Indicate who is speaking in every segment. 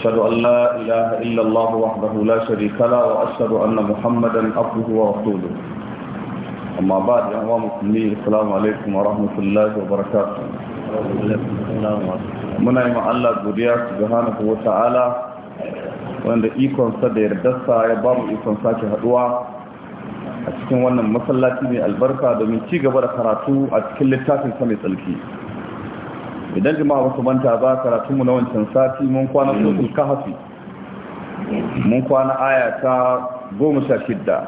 Speaker 1: أشهد أن لا إله إلا الله وحده لا شريك له وأشهد أن محمدا عبده ورسوله أما بعد يا أمام السلام عليكم ورحمة الله وبركاته muna yi Allah godiya subhanahu wa ta'ala wanda ikonsa da sa ya ba mu ikon sake haɗuwa a cikin wannan masallaci mai albarka domin ci gaba da karatu a cikin littafin sa mai tsalki idan jama'a wasu manta ba mu na wancan sati mun kwana sosul kahafi mun kwana aya ta goma sha shidda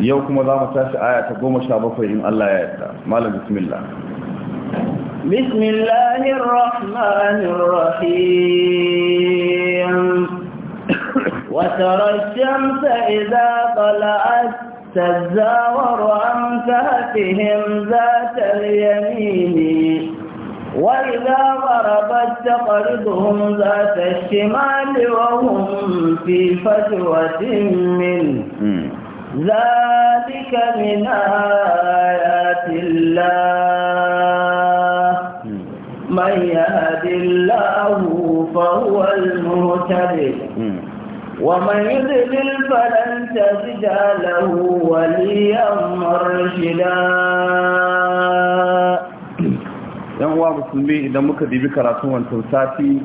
Speaker 1: yau kuma za mu tashi aya ta goma sha bakwai in Allah ya yarda malam bismillah
Speaker 2: bismillahir rahmanir rahim wa tara shamsa idza tala'at تزاور عن كهفهم ذات اليمين وإذا غربت تقرضهم ذات الشمال وهم في فجوة منه ذلك من آيات الله من يهد الله فهو المهتد ومن يضلل فلن تجد
Speaker 1: له وليا مرشدا yan uwa musulmi idan muka dibi karatun wancan sati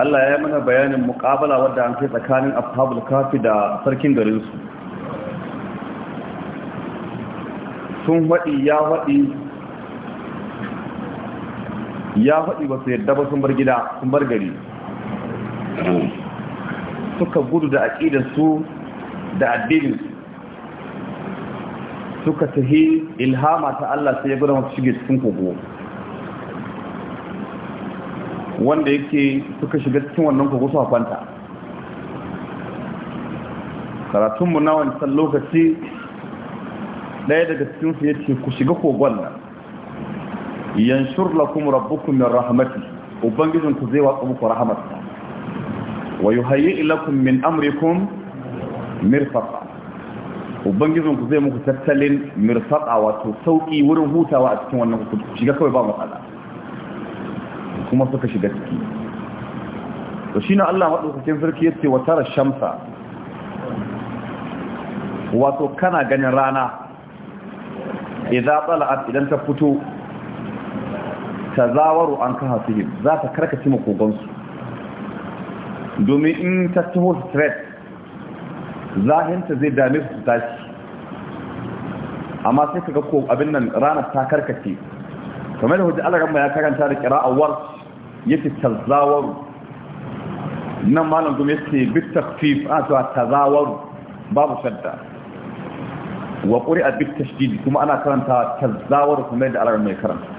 Speaker 1: Allah ya yi mana bayanin mukabala wadda an kai tsakanin ashabul kafi da sarkin garinsu sun waɗi ya waɗi ya waɗi ba su yadda ba sun bar gida sun bar gari suka gudu da aƙidarsu da addinin. suka tahi ilhama ta Allah sai ya gura masu shige cikin kogo wanda yake suka shiga cikin wannan kogo su kwanta karatunmu na wancan lokaci daya daga cikin ya ce ku shiga kogon nan yanshur lakum rabbukum min rahmati ubangijin ku zai watsa muku rahmatsa wa yuhayyi ilakum min amrikum mirfaqa ubangijin ku zai muku tattalin mirfaqa wato sauki wurin hutawa a cikin wannan ku shiga kawai ba matsala kuma suka shiga ciki to shine Allah madaukakin sarki yace wa tara shamsa wato kana ganin rana idza tala'at idan ta fito tazawaru an kahasihim za ta karkace makogansu domin in ta taho stress. zahinta zai dame su tashi amma sai kaga ko abin nan ranar ta karkace kamar da hujja Allah ya karanta da qira'awar yake tazawaru nan malam gumi yake bit takfif a to tazawaru babu shadda wa a bit tashdid kuma ana karanta tazawaru kuma da Allah mai ya karanta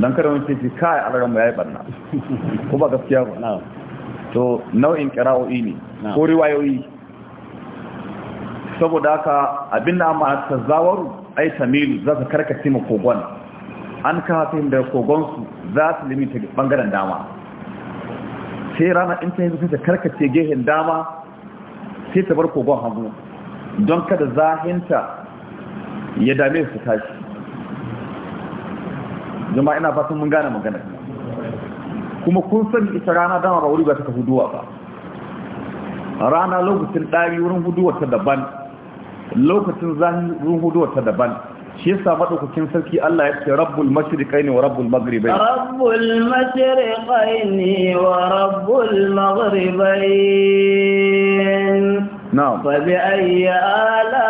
Speaker 1: dan kada wani ce kai Allah ya yayi barna kuma gaskiya ba to nau'in kira'o'i ne ko riwayoyi saboda haka abin da amma ta zawaru ai tamilu za su karkace ma kogon an ka ta da kogonsu za su limita bangaren dama sai rana in ta yi ta karkace gehen dama sai ta bar kogon hagu don kada zahinta ya dame su tashi zama ina fatan mun gane magana kuma kun san ita rana dama ba wuri ba ta huduwa ba rana lokacin ɗari wurin huduwa ta daban lokacin zahirin hudu ta daban shi yasa madaukakin sarki Allah ya ce rabbul mashriqaini wa rabbul maghribaini
Speaker 2: rabbul mashriqaini wa rabbul maghribain na'am fa bi ayyi ala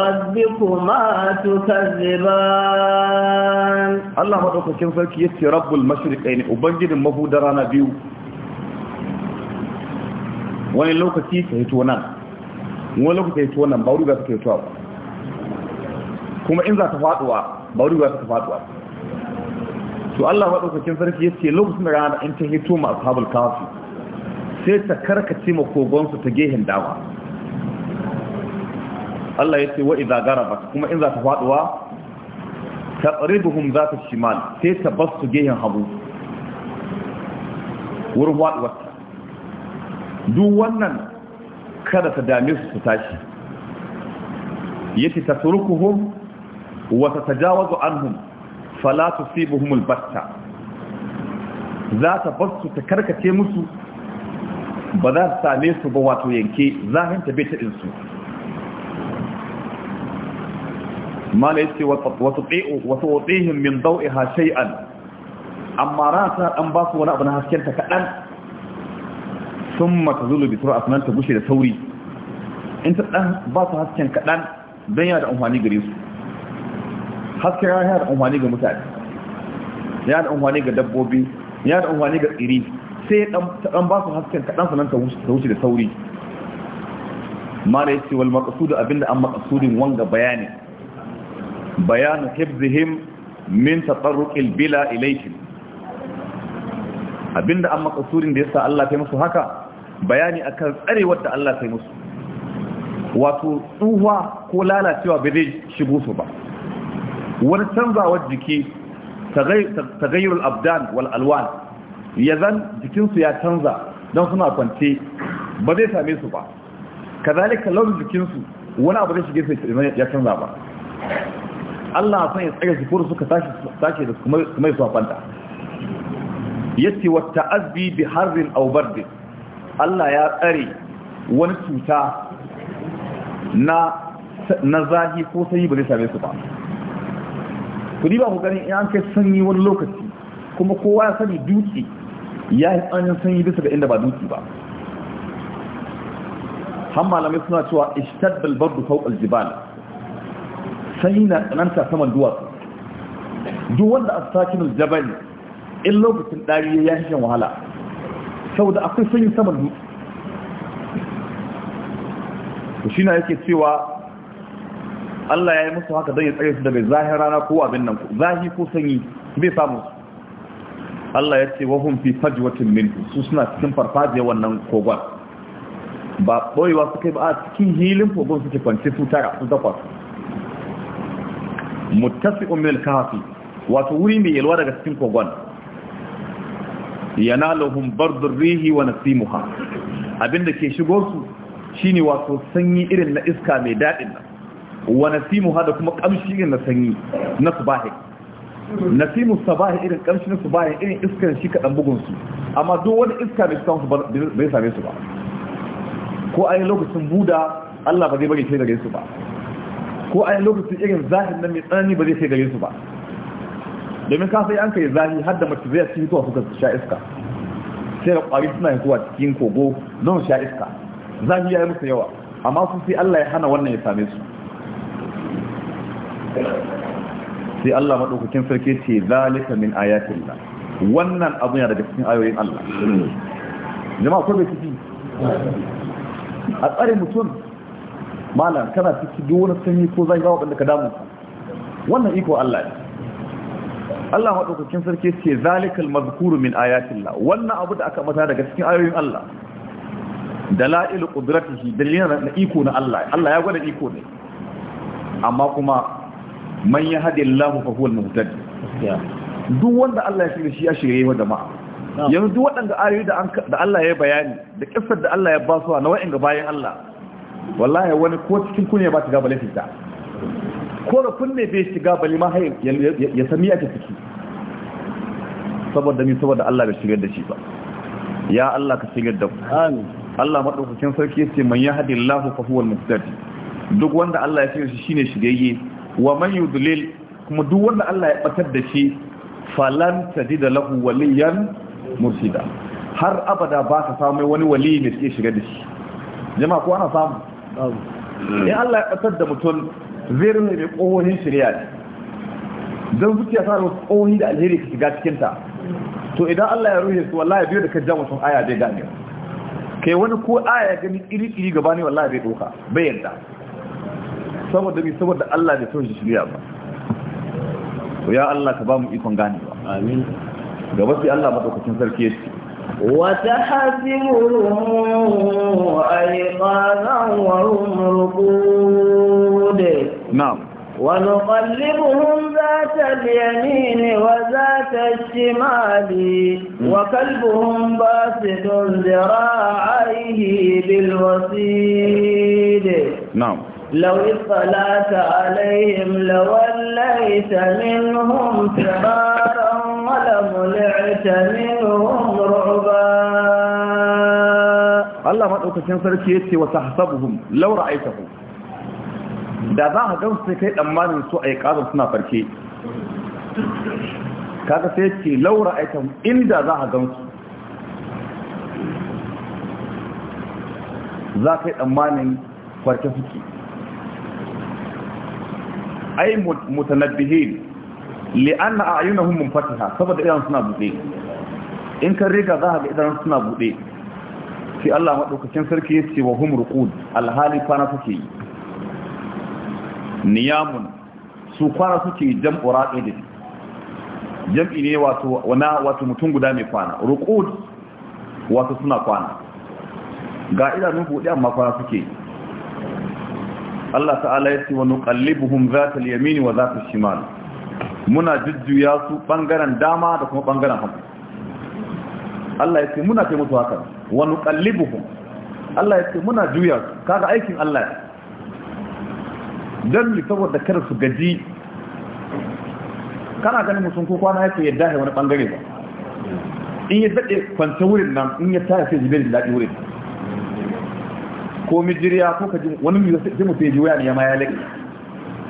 Speaker 2: rabbikuma
Speaker 1: tukazziban Allah madaukakin sarki ya ce rabbul mashriqaini ubangijin mahudara na biyu wani lokaci sai to nan wani lokaci ya ci wannan ba ruga suke tuwa kuma in za ta faduwa ba ruga suka faduwa to Allah wa daukakin sarki yace lokacin da rana in ta hito ma ashabul kafi sai ta karkace ma kogon su ta gehen dama Allah yace wa idza garabat kuma in za ta faduwa za ta shimal sai ta basu gehen hagu wurin faduwa duk wannan kada ta dame su su tashi yace ta wa tatajawazu anhum fala tusibuhum albatta za ta basu ta karkace musu ba za ta same su ba wato yanke zahinta bai ta dinsu mala yace wa tuti'u wa min daw'iha shay'an amma rata an ba su wani abu na haskenta kaɗan. sun mata zulu bi a sunan ta gushe da sauri in ta dan ba su hasken kaɗan don yana da amfani gare su hasken yana da amfani ga mutane ya da amfani ga dabbobi ya da amfani ga tsiri sai ta dan ba su hasken kaɗan sanan ta gushe da sauri mana ya ce wal maƙasudu abinda an maƙasudin wanga bayani bayanu hibzihim min tatarruqil bila ilayhim abinda an maƙasudin da ya sa Allah ta musu haka bayani akan tsarewar da Allah sai musu wato tsuwa ko lalacewa ba zai shigo su ba wani canzawar jiki tagayyarul abdan wal alwan ya zan jikinsu ya canza don suna kwance ba zai same su ba kazalika launin jikinsu wani abu zai shige su ya canza ba Allah san ya tsare su furu suka tashi da kuma su kwanta yace wata azbi bi harbin aw bardin Allah ya tsare wani cuta na na zahi ko sanyi ba zai same su ba ku ba ku gani in an kai sanyi wani lokaci kuma kowa ya sani dutse ya yi tsanin sanyi bisa ga inda ba dutse ba han malamai suna cewa ishtad balbar da sau aljibal sanyi na tsananta saman duwatsu duk wanda a sakinin aljabal in lokacin dariya ya yi shan wahala saboda akwai sanyi saman dutse to shi na yake cewa Allah ya yi musu haka don ya tsaye su daga zahin rana ko abin nan ku, zahi ko sanyi bai samu Allah ya ce wahun fi faji watan minhu su suna cikin farfajiya wannan kogon ba boyewa suka ba a cikin hilin kogon suke kwance su tara su takwas muttasi'un min al wato wuri mai yalwa daga cikin kogon yanaluhum bardur rihi wa nasimuha abinda ke shigo su shine wato sanyi irin na iska mai dadin nan wa nasimuha da kuma kamshi irin na sanyi na subahi nasimu subahi irin kamshi na subahi irin iskar shi kadan bugun su amma duk wani iska mai san bai same su ba ko a lokacin buda Allah ba zai bari sai gare su ba ko a lokacin irin zahir nan mai tsanani ba zai sai gare su ba domin ka sai an kai zahi har da mace zai cikin tuwa suka sha iska sai da kwari suna zuwa cikin kogo don sha iska zahi ya yi musu yawa amma su sai Allah ya hana wannan ya same su sai Allah maɗaukakin sarki ce zalika min ayatin da wannan abu ya daga cikin ayoyin Allah jama'a ko bai ciki a tsare mutum malam kana ciki duk wani sanyi ko zai ga wanda ka damu wannan iko Allah ne Allah maɗaukakin sarki ce zalikal mazkuru min la wannan abu da aka mata daga cikin ayoyin Allah da shi da dalilan na iko na Allah Allah ya gwada iko ne amma kuma man yahdillahu fa huwa al duk wanda Allah ya shirye shi ya shirye wa jama'a yanzu duk waɗanda ayoyi da Allah ya bayani da ƙasar da Allah ya ba su na wa'in ga bayan Allah wallahi wani ko cikin kunya ba ta ga ta. korafin ne bai shiga bali ma ya sami ake ciki saboda ni saboda Allah bai shigar da shi ba ya Allah ka shigar da ku Allah madaukakin sarki yace man yahdillahu fa huwal muhtadi duk wanda Allah ya shigar shi shine shigayye wa man yudlil kuma duk wanda Allah ya batar da shi falan tajida lahu waliyan mursida har abada ba ka samu wani wali ne shigar da shi jama'a ko ana samu in Allah ya batar da mutum zirin da ƙohonin shirya don zuciya ta da wasu da alheri ka shiga cikinta to idan Allah ya ruhe su wallahi biyu da ka jan wasu aya bai gane kai wani ko aya ya gani iri-iri gaba ne wallahi bai doka bai yadda saboda bi saboda Allah bai son shi shirya ba to ya Allah ka ba mu ikon ganewa amin gaba sai Allah madaukakin sarki ya ce
Speaker 2: وتحسبهم أيقاظا وهم رقود نعم ونقلبهم ذات اليمين وذات الشمال وكلبهم باسط ذراعيه بالوسيد نعم لو اطلعت عليهم لوليت منهم فرارا ولملعت
Speaker 1: منهم رعبا الله ما أوكسين سرتي يتي وتحسبهم لو رأيتهم da za a gansu sai kai tsammanin su a yi ƙazar suna farke kaga sai ke laura aikan inda za a gansu za ka yi tsammanin farke suke ai mutanabbihin li'anna a ayyunahun mun ha saboda idan suna buɗe in kan riga za a ga idan suna buɗe sai Allah maɗaukacin sarki ya ce wa hum ruqud alhali kwana suke yi niyamun su kwana suke jam'u raqidin jam'i ne wato wana wato mutum guda mai kwana ruqud wato suna kwana ga idanun buɗe amma kwana suke Allah ta'ala ya ce wa nuqallibuhum zata al-yamin wa zata al-shimal muna jujjuya su bangaren dama da kuma bangaren hagu Allah ya ce muna kai musu haka wa nuqallibuhum Allah ya ce muna juya su kaga aikin Allah don saboda kar su gaji kana ganin mutum ko kwana yake yadda ya wani bangare ba in ya daɗe kwanta wurin nan in ya tara sai jibin daɗi wurin ko mijiriya ko ka wani mijiriya mutum ya ji waya ne ya ma ya laƙi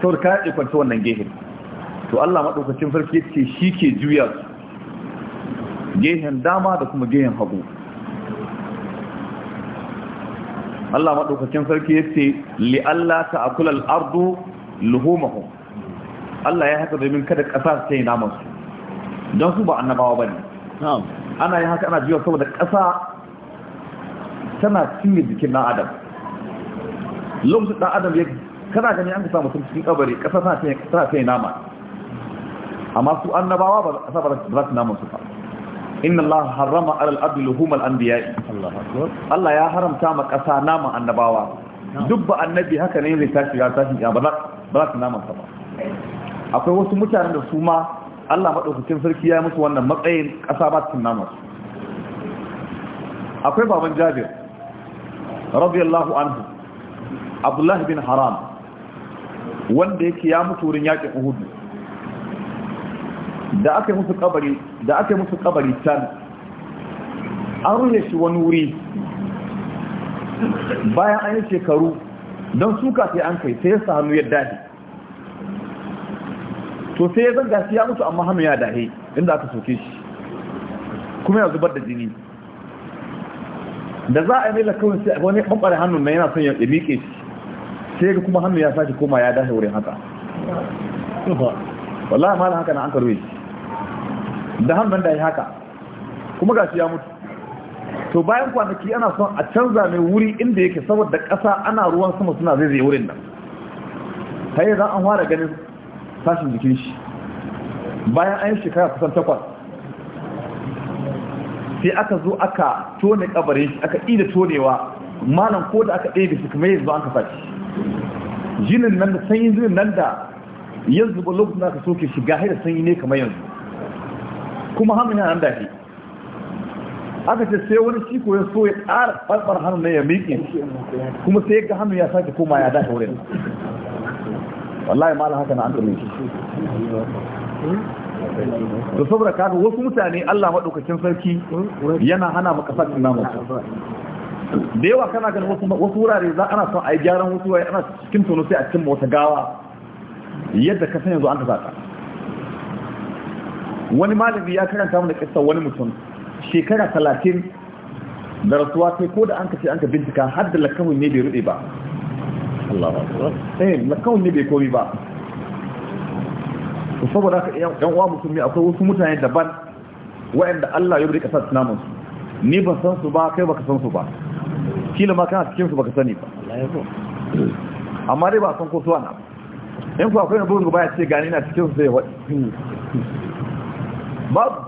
Speaker 1: saboda ka yaɗe kwanta wannan gehen to Allah maɗaukacin farki ce shi ke juya gehen dama da kuma gehen hagu Allah madaukakin sarki ya yace li Allah ta'kula al-ardu luhumahum Allah ya haka domin kada ƙasa ta yi naman su don su ba annabawa ba ne. ana yin haka ana jiwa saboda ƙasa tana cinye jikin ɗan adam lokacin ɗan adam ya kana gani an ka samu sun cikin kabari ƙasa tana ta yi nama amma su annabawa ba ƙasa ba za su naman su ba inna Allah harrama alal ardi luhumal anbiya'i Allah ya haramta ma kasa nama annabawa duk ba annabi haka ne zai tashi ya tashi ya ba za su naman ba akwai wasu mutanen da su ma Allah madaukakin sarki ya musu wannan matsayin kasa ba su naman su akwai baban Jabir radiyallahu anhu Abdullah bin Haram wanda yake ya mutu wurin yaƙin Uhud da aka yi musu kabari da aka yi musu kabari can an rune shi wani wuri bayan an yi shekaru don suka sai an kai sai ya hannu ya dahi to sai ya zanga shi ya mutu amma hannu ya dahi inda aka soke shi kuma ya zubar da jini da za a yi mai lakawin sai wani ɓanɓare hannun na yana son ya miƙe shi sai ga kuma hannu ya sake koma ya dahi wurin haka wallahi malam haka na an karuwe shi da hannun da ya haka kuma ga shi ya mutu to bayan kwanaki ana son a canza mai wuri inda yake saboda ƙasa ana ruwan sama suna zai zai wurin nan sai yanzu an fara ganin tashin jikin shi bayan an yi shekara kusan takwas sai aka zo aka tone kabarin shi aka ida tonewa malam ko da aka ɗaya shi kuma yanzu an kafa shi jinin nan da sanyin jinin nan da yanzu ba lokacin da aka soke shiga da sanyi ne kamar yanzu kuma hannun yana nan da shi aka ce sai wani shi ya so ya ƙara ɓarɓar hannun na ya miƙe kuma sai ga hannun ya sake koma ya dace wurin wallahi ma haka na an ɗaure shi da saboda kaga wasu mutane Allah maɗaukakin sarki yana hana maka sakin namun da yawa kana ganin wasu wurare za ana son a yi gyaran wasu wurare ana cikin tono sai a cimma wata gawa yadda ka san yanzu an ta zata wani malibi ya karanta mana kissa wani mutum shekara talatin da rasuwa sai ko da an ka ce an ka bincika har da lakawun ne bai rude ba eh lakawun ne bai komi ba ku saboda haka yan uwa musulmi akwai wasu mutane daban waɗanda Allah ya rika sa namun su ni ba san su ba kai baka san su ba kila ma kana cikin su baka sani ba amma dai ba san ko suwa na in ku akwai na bugun baya ce gani na cikin su zai waɗi babu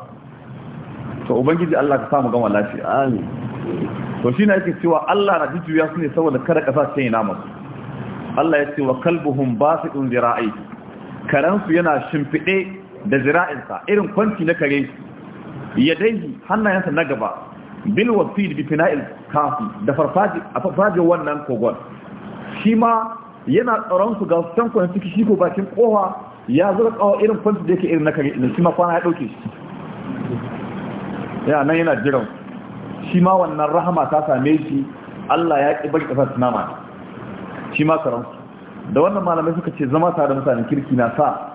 Speaker 1: to ubangiji Allah ka samu gama lafi amin to shine yake cewa Allah na jujjuya su ne saboda kada kasa ta yi namu Allah ya ce wa kalbuhum basidun zira'i karan su yana shimfide da zira'insa irin kwanci na kare Ya yadai hannayensa na gaba bil wasid bi fina'il kafi da farfaji a farfaji wannan kogon shi ma yana tsaron su ga tankunan ciki shi ko bakin kowa ya zura kawo irin fanta da yake irin na kare da shi ma kwana ya dauke shi ya nan yana jiran shi ma wannan rahama ta same shi Allah ya ƙi bari ƙasar tunama shi ma karansu da wannan malamai suka ce zama tare mutanen kirki na sa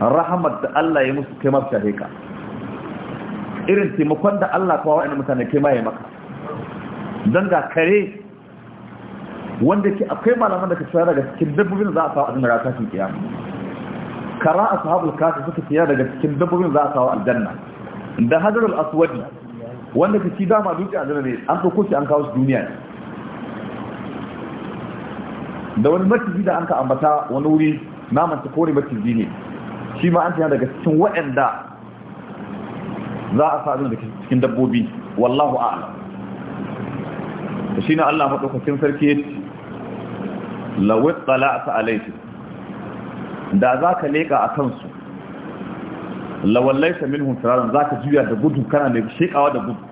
Speaker 1: rahamar da Allah ya musu kai masu shahe ka irin taimakon da Allah kawo wa'in mutane kai ma ya maka don ga kare wanda ke akwai malaman da ka tsaya daga cikin dabbobin za a sawa a ga tashin kiyama kara ashabul kafi suka tsaya daga cikin dabbobin za a sawa aljanna da hajarul aswadi wanda ka ci dama a aljanna ne an ɗauko shi an kawo shi duniya da wani maciji da an ka ambata wani wuri naman ta kore maciji ne shi ma an tsaya daga cikin waɗanda za a sa daga cikin dabbobi wallahu a'ala shi ne Allah maɗaukakin sarki lawit tsala'ata alaikum da za ka leƙa a kansu lawallaita minhum tararan za ka juya da gudu kana mai shekawa da gudu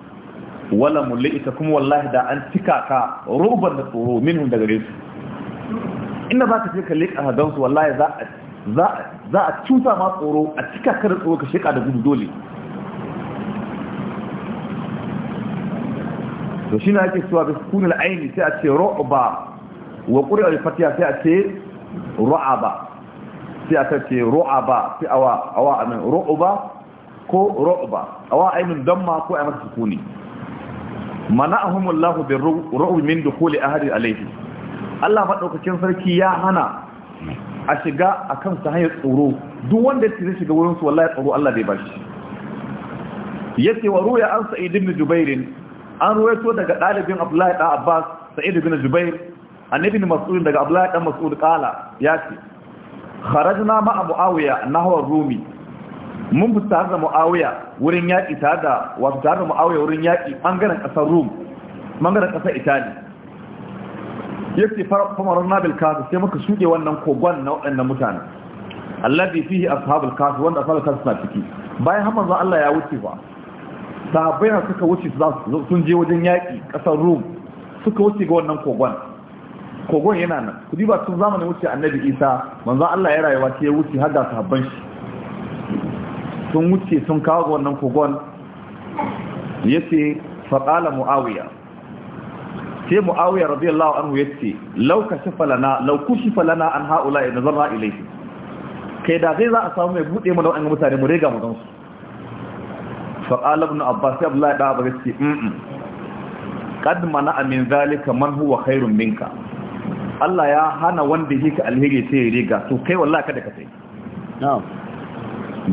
Speaker 1: wala mulita kuma wallahi da an cika ka ruban da tsoro minhum daga gare su inda za ka je ka leƙa a gansu wallahi za a cuta ma tsoro a cika ka da tsoro ka sheka da gudu dole to shi na ake suwa da sukunin aini sai a ce ro'ba wa ƙuri alfatiya sai a ce ba sai a ce ba sai awa awa amin ba ko ba awa a yi min damma ko a yi mata sukuni mana'ahumullahu bi ru'u min dukhuli ahadi alayhi Allah ɗaukakin sarki ya hana a shiga akan sa hanyar tsoro duk wanda ya tsira shiga wurinsu su wallahi tsoro Allah bai bashi yace wa ruya an sa'id ibn jubair an ruwaito daga ɗalibin Abdullahi ibn Abbas Sa'idu bin jubair annabi mas'ud daga abdullahi dan mas'ud kala ya ce kharajna ma'a muawiya nahwa rumi mun fita da muawiya wurin yaki tare da wato tare da muawiya wurin yaki bangaren kasar rum bangaren kasar itali yace famarna bil kafi sai muka shuke wannan kogon na waɗannan mutane alladhi fihi ashabul kafi wanda ashabul kasu suna ciki bayan har manzo Allah ya wuce ba sahabbai suka wuce sun je wajen yaki kasar rum suka wuce ga wannan kogon kogon yana nan ku ba tun zamanin wuce annabi isa manzo Allah ya rayuwa ce ya wuce har da sahabban shi sun wuce sun kawo ga wannan kogon yace fa qala muawiya sai muawiya radiyallahu anhu yace law kashifa lana law kushifa lana an haula in nazarna ilayhi kai da zai za a samu mai bude mana wannan mutane mu rega mu gan su fa qala ibn abbas abdullahi da abbas yace mm qad mana min zalika man huwa khairun minka Allah ya hana wanda yake ka alheri sai riga to kai wallahi kada ka sai na'am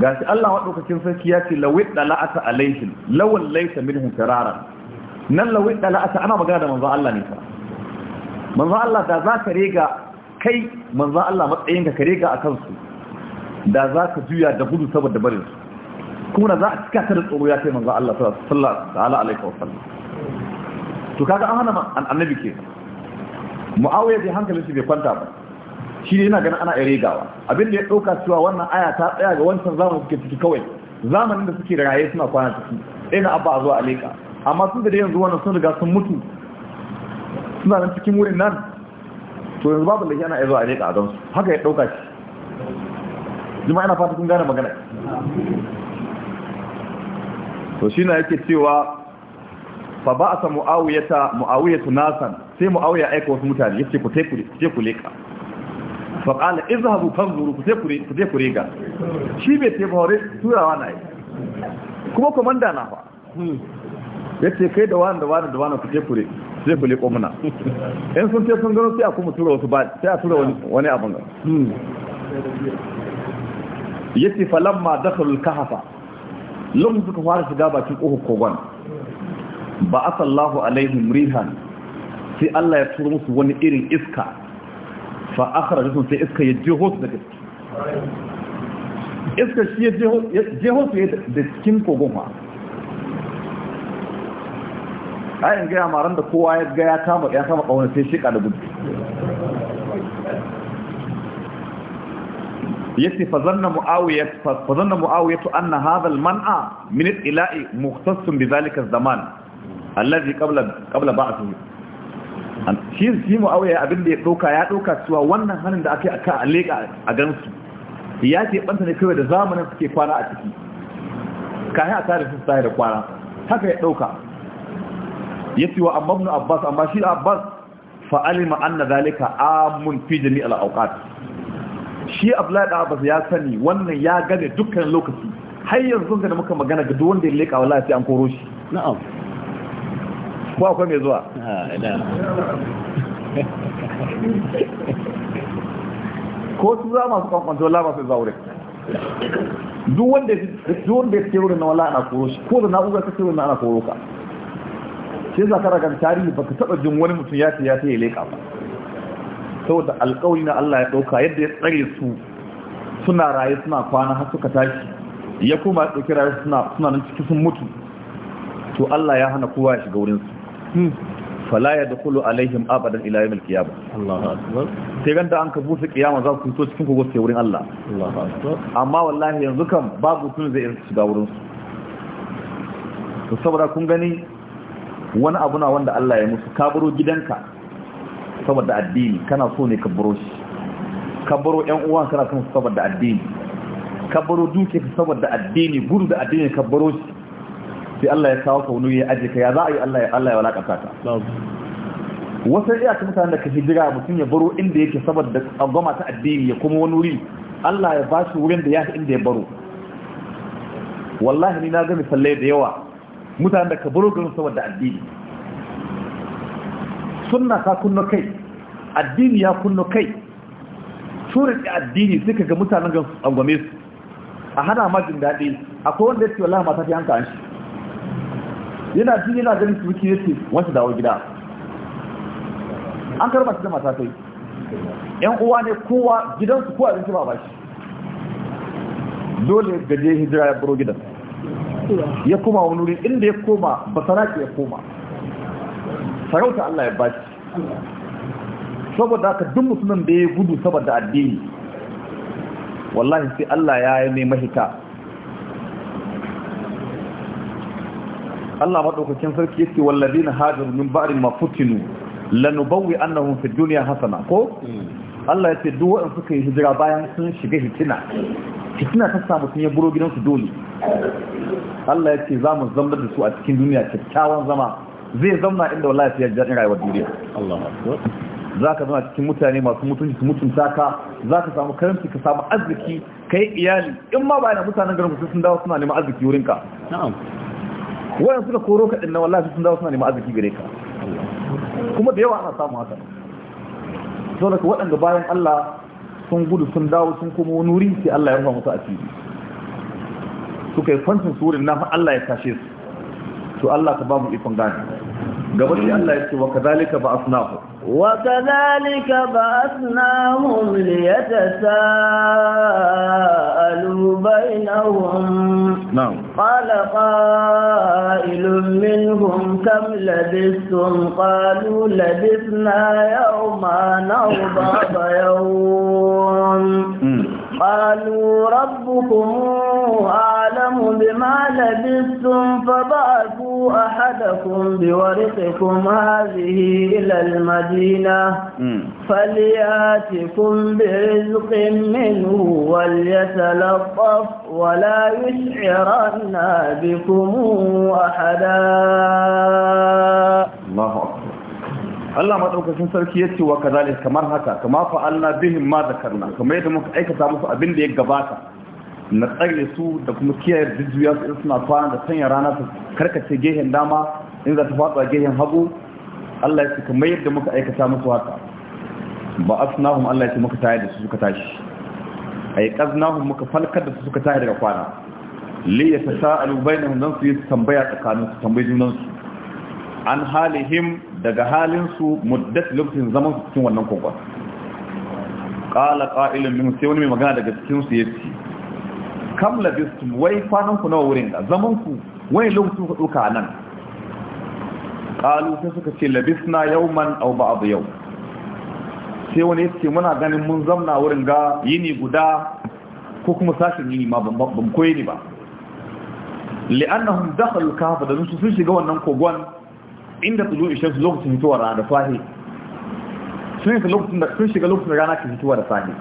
Speaker 1: gashi Allah madaukakin sarki ya ce lawid dala'ata alayhi lawan laysa minhum firara nan lawid dala'ata ana magana da manzo Allah ne fa manzo Allah da za ka riga kai manzo Allah matsayin ka riga akan su da za ka juya da gudu saboda barin su kuma za a cika ta da tsoro ya kai manzo Allah sallallahu alaihi wasallam to kaga an hana annabi ke. muawiya bai hankalin shi bai kwanta ba shi ne yana ganin ana iregawa abin da ya ɗauka cewa wannan aya ta tsaya ga wancan zamanin suke ciki kawai zamanin da suke raye suna kwana ciki ɗaya na abba a zuwa aleka amma sun da yanzu wannan sun riga sun mutu suna nan cikin wurin nan to yanzu babu lafiya ana iya zuwa aleka a su, haka ya ɗauka shi jima ina fata kun gane magana to shi na yake cewa fa ba a sa mu'awiyata mu'awiyatu nasan sai mu auya aika wasu mutane ce ku je ku leka fa qala izhabu fanzuru ku zuru, ku je ku rega shi bai ce ba turawa na yi kuma komanda na fa ce kai da wani da wani da wani ku je ku re sai ku leko muna in sun ce sun gano sai a kuma tura wasu ba sai a tura wani abin ga yace falamma dakhalul kahfa lokacin suka fara shiga bakin kohon kogon ba asallahu alaihim rihan sai Allah ya turo musu wani irin iska fa akhrajtum sai iska ya jeho su daga ciki. iska shi ya jeho su da cikin kogon ma ayin gaya maran da kowa ya ga ya kama ya kama kawai sai shika da gudu yace fa zanna muawiya fa to muawiya anna hadha mana minit ilai mukhtassun bi dhalika az-zaman alladhi qabla qabla ba'thihi shi shi mu'awiya abin da ya ɗauka ya ɗauka cewa wannan hannun da aka yi aka leƙa a gansu ya ce ɓanta ne kawai da zamanin suke kwana a ciki kayan a tare sun tsaye da kwana haka ya ɗauka ya ce wa amma ibn abbas amma shi abbas fa'alima anna zalika amun fi jami al'auqat shi abdullahi abbas ya sani wannan ya gane dukkan lokaci har yanzu ga muka magana ga duk wanda ya leƙa wallahi sai an koro shi na'am kwakwa akwai mai zuwa ko su za masu kwankwanto la masu zuwa wurin duk wanda ya ke wurin na wala ana koro shi ko da na'urar ta ke na ana koro ka sai za ka ragar tarihi baka taɓa jin wani mutum ya ce ya ce ya leƙa ba saboda alƙawari na Allah ya ɗauka yadda ya tsare su suna raye suna kwana har suka tashi ya kuma ɗauki raye suna nan cikin sun mutu to Allah ya hana kowa ya shiga wurinsu Hmm. fala ya dukulu alaihim abadan ila yawmil sai ganta an ka busa kiyama za ku fito cikin kogo gosse wurin Allah amma wallahi yanzu kan babu tun zai yin shiga wurin su to saboda kun gani wani abu na wanda Allah ya musu kaburo gidanka saboda addini kana so ne kaburo shi kaburo yan uwan kana son saboda addini kaburo duke saboda addini gudu da addini kaburo shi sai Allah ya kawo ka wani ya ka ya za a yi Allah ya Allah ya walakanta ka wasu iya ci mutanen da ka hijira mutum ya baro inda yake saboda tsangwama ta addini ya kuma wani wuri Allah ya ba shi wurin da ya fi inda ya baro wallahi ni na ga misalai da yawa mutanen da ka baro garin saboda addini sunna ka kunno kai addini ya kunno kai shurin addini sai kaga ga mutanen gan tsangwame su a hana ma jin daɗi akwai wanda ya ce wallahi mata ta yanka an shi yana ji yana ganin su ya ce wasu dawo gida an karba shi da mata yan uwa ne kowa gidansu kowa abinci ba shi dole gaje hijira ya buro gidan ya koma wani wuri inda ya koma ba basarake ya koma sarauta Allah ya bashi saboda ka duk musulmin da ya gudu saboda addini wallahi sai Allah ya yi mai mahita Allah madaukakin sarki yace wallazina hajaru min ba'di ma futinu lanubawwi annahum fid dunya hasana ko Allah yace duk wanda suka yi hijira bayan sun shiga hitina hitina ta samu sun yi buro gidansu dole Allah yace za mu zama da su a cikin duniya kyakkyawan zama zai zama inda wallahi sai ya jaɗin rayuwar duniya Allah za ka zama cikin mutane masu mutunci su mutunta ka za ka samu karanci ka samu arziki ka yi iyali in ma bayan mutanen garin sun dawo suna neman arziki wurinka na'am wannan suka koro ka din na wallahi sun dawo suna neman arziki gare ka kuma da yawa ana samu haka daga waɗanda bayan Allah sun gudu sun dawo sun kuma wani wuri sai Allah ya rufa musu asiri su yi fansun surin na Allah ya tashe su to Allah ka ba mu ikon gane gaba sai Allah ya ce wa kadhalika ba asnahu
Speaker 2: وكذلك بعثناهم ليتساءلوا بينهم نعم قال قائل منهم كم لبثتم قالوا لبثنا يوما أو بعض يوم قالوا ربكم أعلم بما لبثتم فبعثوا أحدكم بورقكم هذه إلى المدينة فلياتكم برزق منه وليتلطف ولا يشعرن بكم
Speaker 1: أحدا
Speaker 3: الله أكبر
Speaker 1: Allah maɗaukacin sarki ya ce wa zalis kamar haka kama fa Allah bihin ma da karna kamar yadda muka aikata musu abin da ya gabata na tsare su da kuma kiyaye jujjuya su suna kwana da sanya rana su karkace gehen dama in za ta faɗa gehen hagu Allah ya ce kamar yadda muka aikata musu haka ba asnahum Allah ya ce muka tayar da su suka tashi ay qaznahum muka falkar da su suka tashi daga kwana li yatasaalu bainahum dan su yi tambaya tsakanin su tambayi junansu. an halihim daga halinsu muddat lokacin zaman su cikin wannan kokon qala qa'ilun min sai wani mai magana daga cikin su yace kam labistum wai kwanan ku nawa wurin da zaman ku wani lokacin ku duka nan qalu sai suka ce labisna yawman aw ba'd yau sai wani yace muna ganin mun zamna wurin ga yini guda ko kuma sashin yini ma ban koyi ni ba li'annahum dakhalu kafa da su sun shiga wannan kogon inda tsulu ishe su lokacin fitowar rana da sahi sun shiga lokacin rana ke fitowa da sahi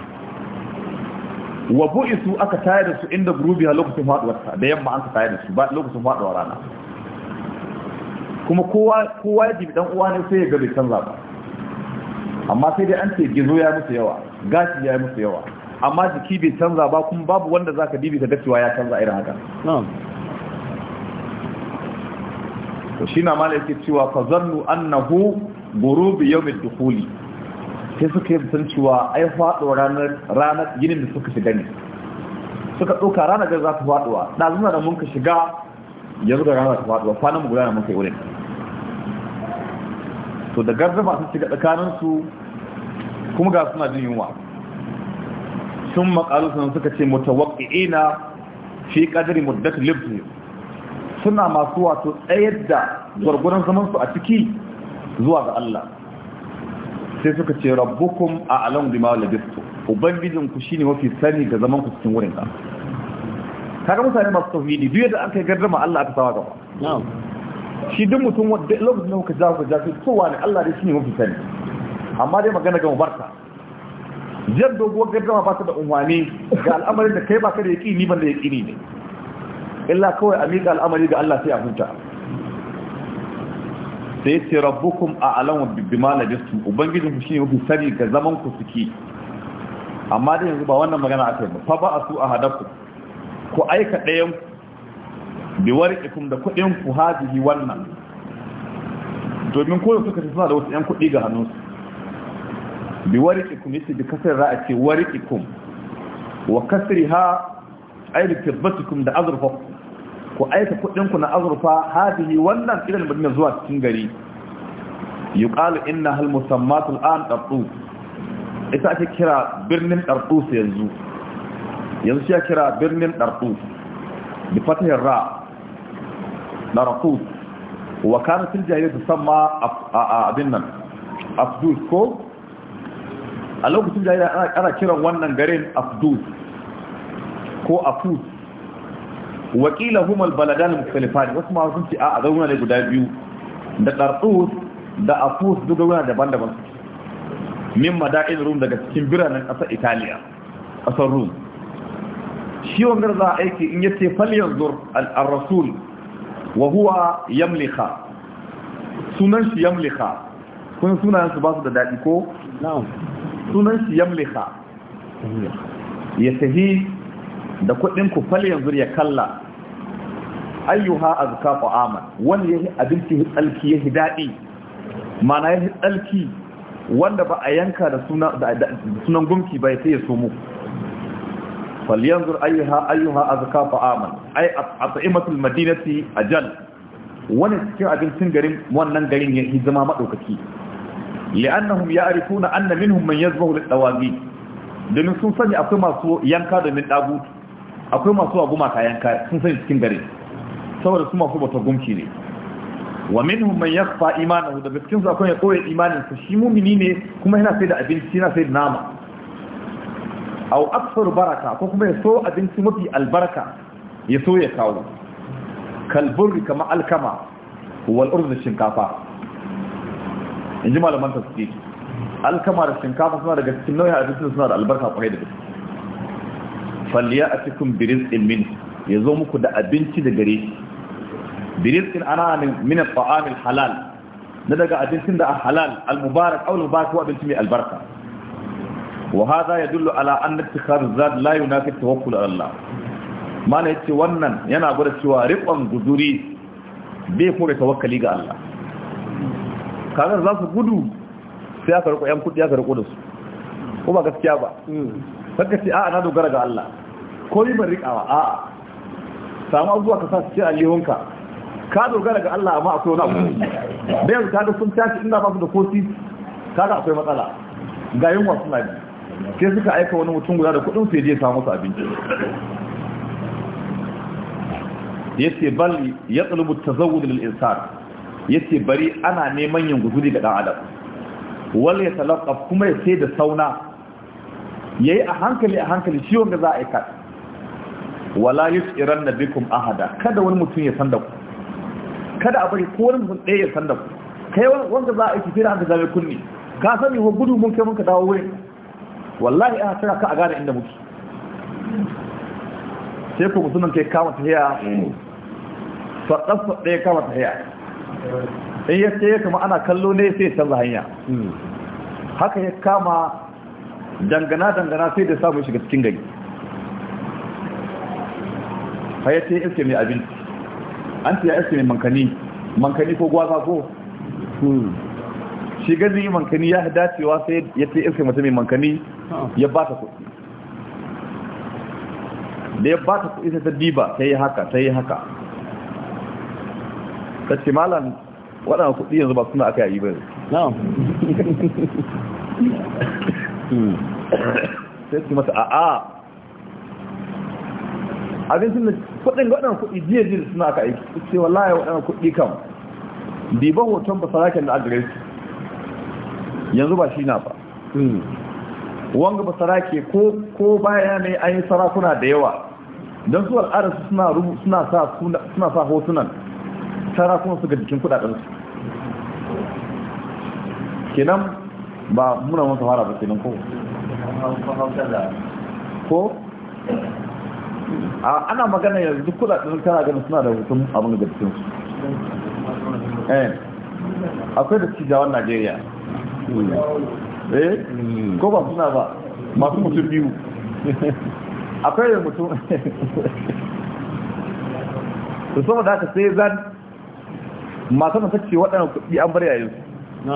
Speaker 1: wa bu'isu aka tayar da su inda gurubiya lokacin ta da yamma an ka tayar da su ba lokacin faduwar rana kuma kowa ya jibi dan uwa ne sai ya ga bai canza ba amma sai dai an ce gizo ya musu yawa gashi ya musu yawa amma jiki bai canza ba kuma babu wanda zaka bibi ka ga ya canza irin haka to shi na malaki cewa fa zannu annahu gurubi yawmid dukhuli sai suka yi san cewa ai faɗo ranar ranar ginin da suka shiga ne suka ɗauka ranar da za ta faɗuwa da zuwa da mun ka shiga yanzu da ranar ta faɗuwa kwanan mu gudana mun kai wurin to da garzama sun shiga tsakanin su kuma ga suna jin yunwa sun makalu sun suka ce mutawaqqi'ina fi qadri muddat libtihim suna masu wato tsayar da gwargwaron zamansu a ciki zuwa ga Allah sai suka ce rabbukum a alam bima labistu ubangijinku shine mafi sani ga zaman ku cikin wurin ka kaga mutane masu tauhidi duk an aka gardama Allah aka sawa gaba na'am shi duk mutum wanda lokacin da kuka ja ku ja to wani Allah dai shine mafi sani amma dai magana ga mubarka jan doguwar gardama ba ta da umarni ga al'amarin da kai ba ka da yaqini ban da yaqini ne illa kawai a miƙa al'amari ga Allah sai a huta sai ya ce rabbukum a alamu bima labistum ubangijin shi shine mafi sani ga zaman ku suke amma dai yanzu ba wannan magana aka yi ba fa ba a su a hadafu ku aika ɗayan bi ikum da kuɗin ku yi wannan domin kowai suka suna da wasu 'yan kuɗi ga hannu. bi ikum yace bi kasar ra'a ce ikum wa ha ai da kibbatukum da azurfa ku aika kudinku na azurfa hadihi wannan idan madina zuwa cikin gari yuqalu inna hal musammat an qartus ita ake kira birnin qartus yanzu yanzu shi kira birnin qartus bi fatih ra na qartus wa kana fil jahiliyyah a abin nan afdus ko a lokacin jahiliyyah ana kiran wannan garin afdus ko afus wakila humal baladan mukhalifan wasu ma sun ce a a zauna ne guda biyu da qartus da afus duk zauna daban-daban min madain rum daga cikin biranen ƙasar Italiya ƙasar Rum shi wangar za a aiki in yace fal yanzur al rasul wa huwa yamliha sunan shi yamliha kun suna su ba su da daɗi ko? Na'am. sunan shi yamliha ya da kuɗin ku fal yanzu ya kalla ayyuha azka ta'aman wanda yi abinci ya yahi dadi mana yahi hitsalki, wanda ba a yanka da sunan gumki ba sai ya somo fal yanzu ayyuha ayyuha azka ta'aman ay at'imatul madinati ajal wani cikin abincin garin wannan garin yi zama madaukaki li'annahum ya'rifuna anna minhum man yazbahu lid-dawagi domin sun sani akwai masu yanka da min dagutu akwai masu aguma kayan kaya sun sani cikin gari saboda su masu bata gumki ne wa minhum man yakfa imanahu da cikin su akwai ya koyi imanin su shi mumini ne kuma yana sai da abinci yana sai da nama aw aksar baraka ko kuma ya so abinci mafi albarka ya so ya kawo kalbur kama alkama wal urdu shinkafa in ji malaman tafsiri alkama da shinkafa suna daga cikin nau'in abinci suna da albarka kwarai da gaske falliya a cikin birizin min ya zo muku da abinci da gare shi birizin ana min ta'amil halal na daga abincin da halal al-mubarak aw al-mubarak wa abinci mai albarka wa hadha yadullu ala anna ittikhadhu zad la yunafi tawakkul ala Allah mana yace wannan yana gwada cewa riƙon guzuri bai kuma tawakkali ga Allah kaga za su gudu sai aka riko yan kudi aka riko da su ko ba gaskiya ba saka ce a'a na dogara ga Allah ko yi ban riƙawa a'a samu abubuwa ka sa su ce alihunka ka dogara ga Allah amma akwai wani
Speaker 3: abu da yanzu
Speaker 1: kaga sun tashi inda ba su da kosi ga akwai matsala ga yunwa suna bi sai suka aika wani mutum guda da kuɗin sai je samu su abinci yace bal yatlubu at-tazawwud lil ya yace bari ana neman yin guzuri ga dan adam wal yatalaqaf kuma ya sai da sauna yayi a hankali a hankali ciwon da za a yi ka wala na bikin ahada kada wani mutum ya san da ku kada a bari ko wani mutum ɗaya ya san da ku kai wanda za a yi tafiya haka zame kunni ka san ko gudu mun kai mun ka dawo wurin wallahi a tana ka a gane inda muke sai ku musulman kai kama ta tafiya faɗaɗa ɗaya kama ta tafiya in ya ce kama ana kallo ne sai ya canza hanya hmm. haka ya kama dangana dangana sai da samun shiga cikin gari hayace iske mai abinci an ce ya iske mai mankani mankani ko gwaza ko hmm. shi gazi mankani ya dacewa sai ya ce iske mutum mai mankani ah. ya ba ta kuɗi da ya ba ta kuɗi sai ta diba ta yi haka ta yi haka ta ce malam waɗanda kuɗi yanzu ba suna aka yi ba sai su masa a'a abincin da kudin waɗannan kuɗi jiya jiya suna aka aiki su ce wallahi waɗannan kuɗi kan diban hoton ba sarakin da agres yanzu ba shi na ba wanga ba sarake ko baya ne an yi sarakuna da yawa don su al'adarsu suna sa hotunan sarakuna su ga jikin kudadensu kenan ba muna masa fara ba kenan ko ko ana magana yanzu duk kudaden kana ganin suna da hutun abin da cikin su eh akwai da cijawan Najeriya eh ko ba suna ba masu mutum biyu akwai da mutum So, da aka sai zan masu da sace waɗannan kuɗi an bar yayin su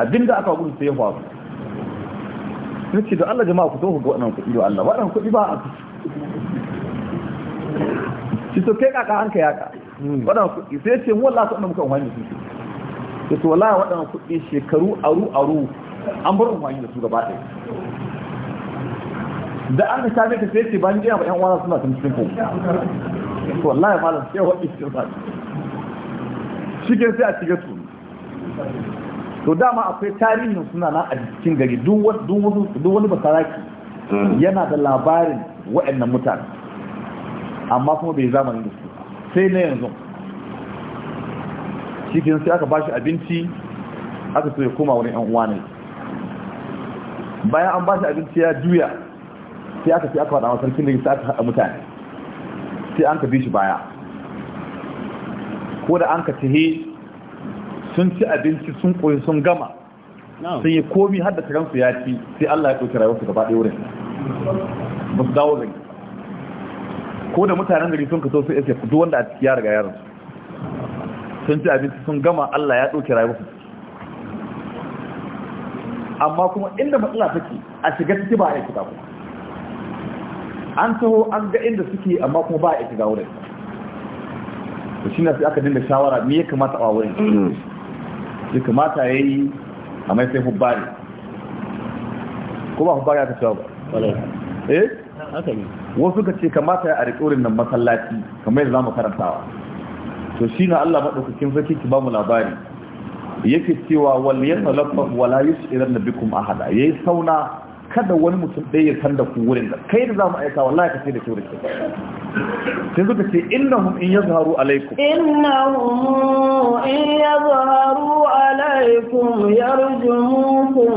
Speaker 1: abinda aka gudu sai ya faru na ce da Allah jama'a ku zo ku ga waɗannan kuɗi da Allah waɗannan kuɗi ba a ci to kai kaka an ka yaka hmm. waɗannan kuɗi sai ce mu wallahi waɗannan muka wani su ya to wallahi waɗannan kuɗi shekaru aru aru an bar wani da su gaba ɗaya da an ka same ka sai ce ba ni ba ƴan uwana suna sun cikin kuma to wallahi malam sai waɗannan shi ke sai a cikin su to dama akwai tarihin suna na a cikin gari duk wani basaraki hmm. yana da labarin waɗannan mutane amma kuma bai zamanin da su sai na yanzu cikin sai aka bashi abinci aka so ya koma wani yan uwa ne bayan an bashi abinci ya juya sai aka fi aka faɗa masar cikin da sai aka haɗa mutane sai an ka bi shi baya ko da an ka tahi sun ci abinci sun koyi sun gama sun yi komi har da karansu ya ci sai Allah ya ɗauki rayuwarsu gaba ɗaya wurin ba su dawo zai ko da mutanen gari sun kaso su iske duk wanda a ciki ya riga yaron sun ci abinci sun gama Allah ya ɗauki su. amma kuma inda matsala take a shiga ciki ba a shiga kuma an taho an ga inda suke amma kuma ba a shiga wurin shi ne sai aka dinda shawara me ya kamata a wurin mm. kamata ya yi a mai sai hubbari kuma hubbari aka cewa eh wasu ka ce kamata ya a rikurin nan masallaci kamar yadda za mu karantawa to shi na allah maɗaukakin sarki ki ba mu labari yake cewa wal yasa lafafu wala yusu idan na bikum ahada ya yi sauna kada wani mutum ɗaya ya san ku wurin da kai da za aika wallahi ka ce da turin sai zuka ce innahum in yazharu alaikum
Speaker 2: innahum in yazharu alaikum yarjumukum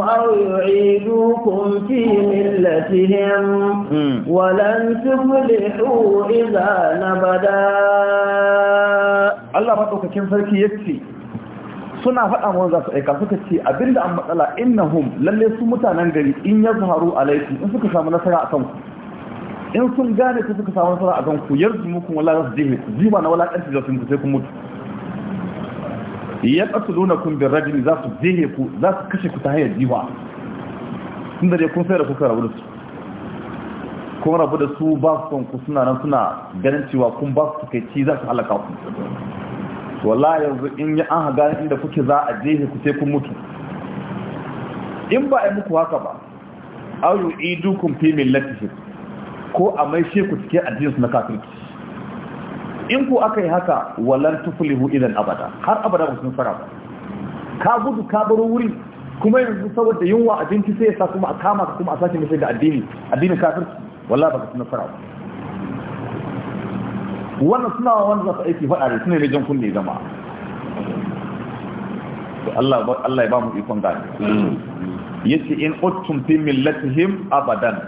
Speaker 2: aw yu'idukum fi millatihim hmm. wa lan tuflihu idha nabada
Speaker 1: Allah madaukakin sarki yace suna faɗa mun za su aika suka ce abinda an matsala innahum lalle su mutanen gari in ya zaharu alaikum in suka samu nasara akan ku in sun gane ku suka samu nasara akan ku yarzu muku wala za su jihe jiba na walakanci da sun ku sai ku mutu ya katuluna kun bin rajin za su jihe ku za su kashe ku ta hanyar jiba sun da dai kun sai da kuka rabu da su kun rabu da su ba su son ku suna nan suna ganin cewa kun ba su kai ci za su halaka ku Wala yanzu in yi an haga inda kuke za a jehe ku sai kun mutu in ba a muku haka ba aw yu'idukum fi millatihim ko a maishe ku cike addinin na kafirki in ku aka yi haka walan tuflihu idan abada har abada ba sun fara ba ka gudu ka baro wuri kuma yanzu saboda yunwa abinci sai ya sa kuma a kama ka kuma a sake mashi da addini addinin kafirci ba ka sun fara ba wannan suna wanda za su aiki faɗa ne suna ne jan kunne zama Allah ya ba mu ikon gani ce in otun fi millatihim abadan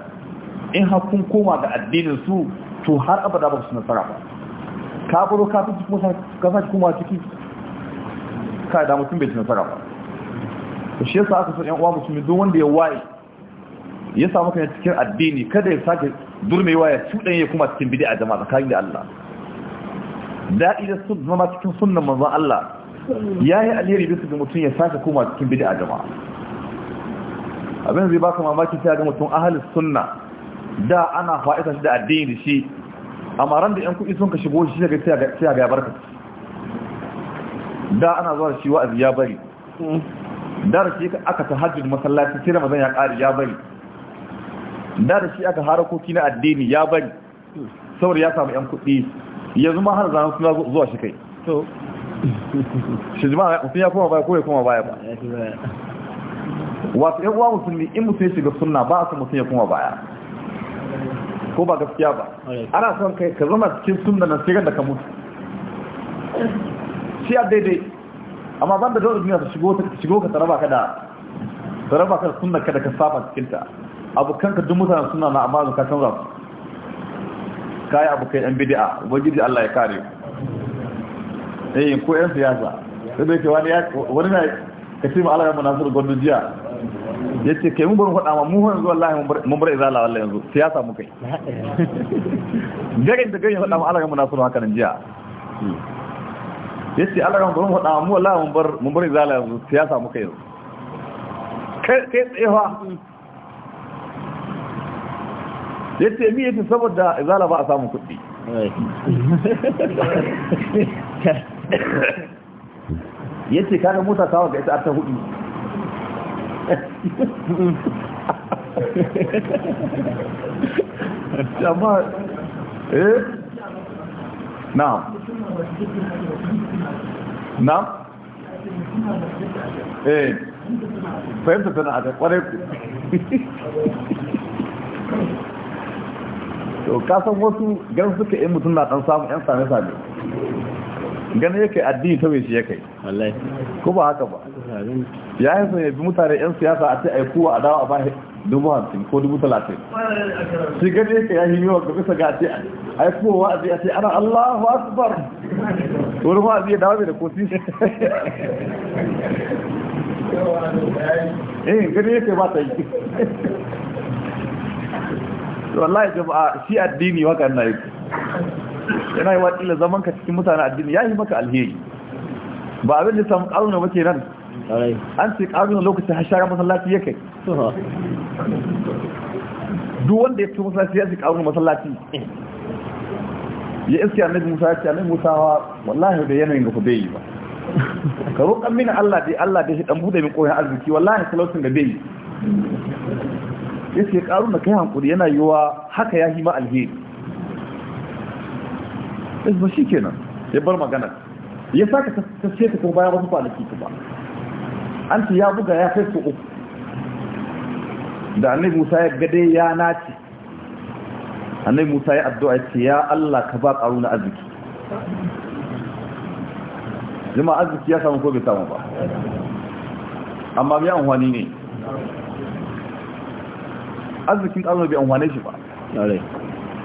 Speaker 1: in hakun koma ga addinin su to har abada ba su nasara ba ka buro ka fi kuma ka sa kuma ciki ka da mutum bai nasara ba to shi yasa aka so yan uwa musulmi duk wanda ya waye ya samu kan cikin addini kada ya sake durmewa ya cuɗanye kuma cikin bid'a jama'a tsakanin da Allah daɗi da su zama cikin sunan manzon Allah ya yi alheri bisa ga mutum ya sake koma cikin bid'a jama'a abin zai baka mamaki ta ga mutum ahalin sunna da ana fa'ita shi da addini da shi amma ran da 'yan kuɗi sun ka shigo shi daga tsaya ga barka da ana zuwa da shi wa'azi ya bari da da shi aka ta hajjin masallaci sai da mazan ya ƙari ya bari da da shi aka harakoki na addini ya bari saboda ya samu 'yan kuɗi yanzu ma har zanen suna zuwa shi kai to shi jima mutum ya koma baya ko ya koma baya ba wasu yan uwa musulmi in mutum ya shiga sunna ba su mutum ya koma baya ko ba gaskiya ba ana son kai ka zama cikin sunna na sigar da ka mutu shi a daidai amma ban da dole duniya ta shigo ka taraba ka da taraba ka sunna ka da ka saba cikinta abokan ka duk mutanen sunna na amma ka canza su kai abu kai yan bid'a ubangiji Allah ya kare ku eh ko yan siyasa sai dai wani ya wani na kace ma Allah ya munasir gondo jiya yace kai mun bari faɗa ma mu yanzu wallahi mun bar izala wallahi yanzu siyasa mu kai garin da garin faɗa ma Allah ya munasir haka nan jiya yace Allah ya mun faɗa ma mu wallahi mun bari mun bar izala yanzu siyasa mu kai kai tsaye fa yace mi yace saboda izala ba a samu kuɗi yace ce mota tawa ga ita ta hudu
Speaker 3: amma eh
Speaker 1: na na eh fahimta tana a kware ku to kasan wasu gan suka yi mutum na dan samu ‘yan same-same gani yake addini ta mai shi ya kai ko ba haka ba ya yi sun yabi mutane 'yan siyasa a ce a yi kuwa a dawa a ba dubu hamsin ko dubu talatin shi gani yake ya yi yawa ga bisa ga ce a yi kuwa a a ce ana allahu akbar wani wa'azi a dawa mai da kosi eh yake ba ta yi wallahi jama'a shi addini waka na yi yana yi watsila zaman ka cikin mutane addini ya yi maka alheri ba abin da samun ƙaruna ba ke nan an ce ƙaruna lokacin hashara masallaci ya kai duk wanda ya fito masallaci ya ce ƙaruna masallaci ya iske annabi musa ya ce annabi musa wallahi da yanayin ga ku bai yi ba ka roƙan mini allah dai allah dai shi dan bude min koyon arziki wallahi talautin da bai yi ya ce na kai hankuri yana yiwuwa haka ya hima alheri ya ba shi kenan ya bar magana ya saka ta ce ta kuma bayan wasu kwanaki kuma an ce ya buga ya kai su uku da annai musa ya gade ya nace annai musa ya addu'a ya ce ya allah ka ba na arziki jama'a arziki ya samu ko bai samu ba amma mai amfani ne arzikin ƙarnu bai amfane shi ba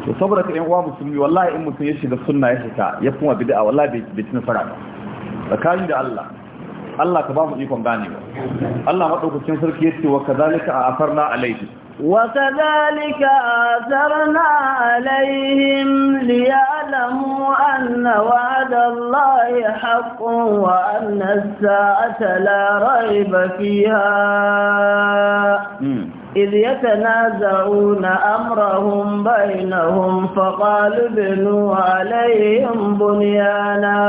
Speaker 1: to saboda ka yan uwa musulmi wallahi in mutum ya shiga sunna ya shiga ya kuma bid'a wallahi bai ci nasara ba tsakani da Allah Allah ka ba mu ikon gane ba Allah madaukakin sarki yace wa kadhalika afarna alaihi
Speaker 2: وكذلك آثرنا عليهم ليعلموا أن وعد الله حق وأن الساعة لا ريب فيها إذ يتنازعون أمرهم بينهم فقالوا بنوا عليهم بنيانا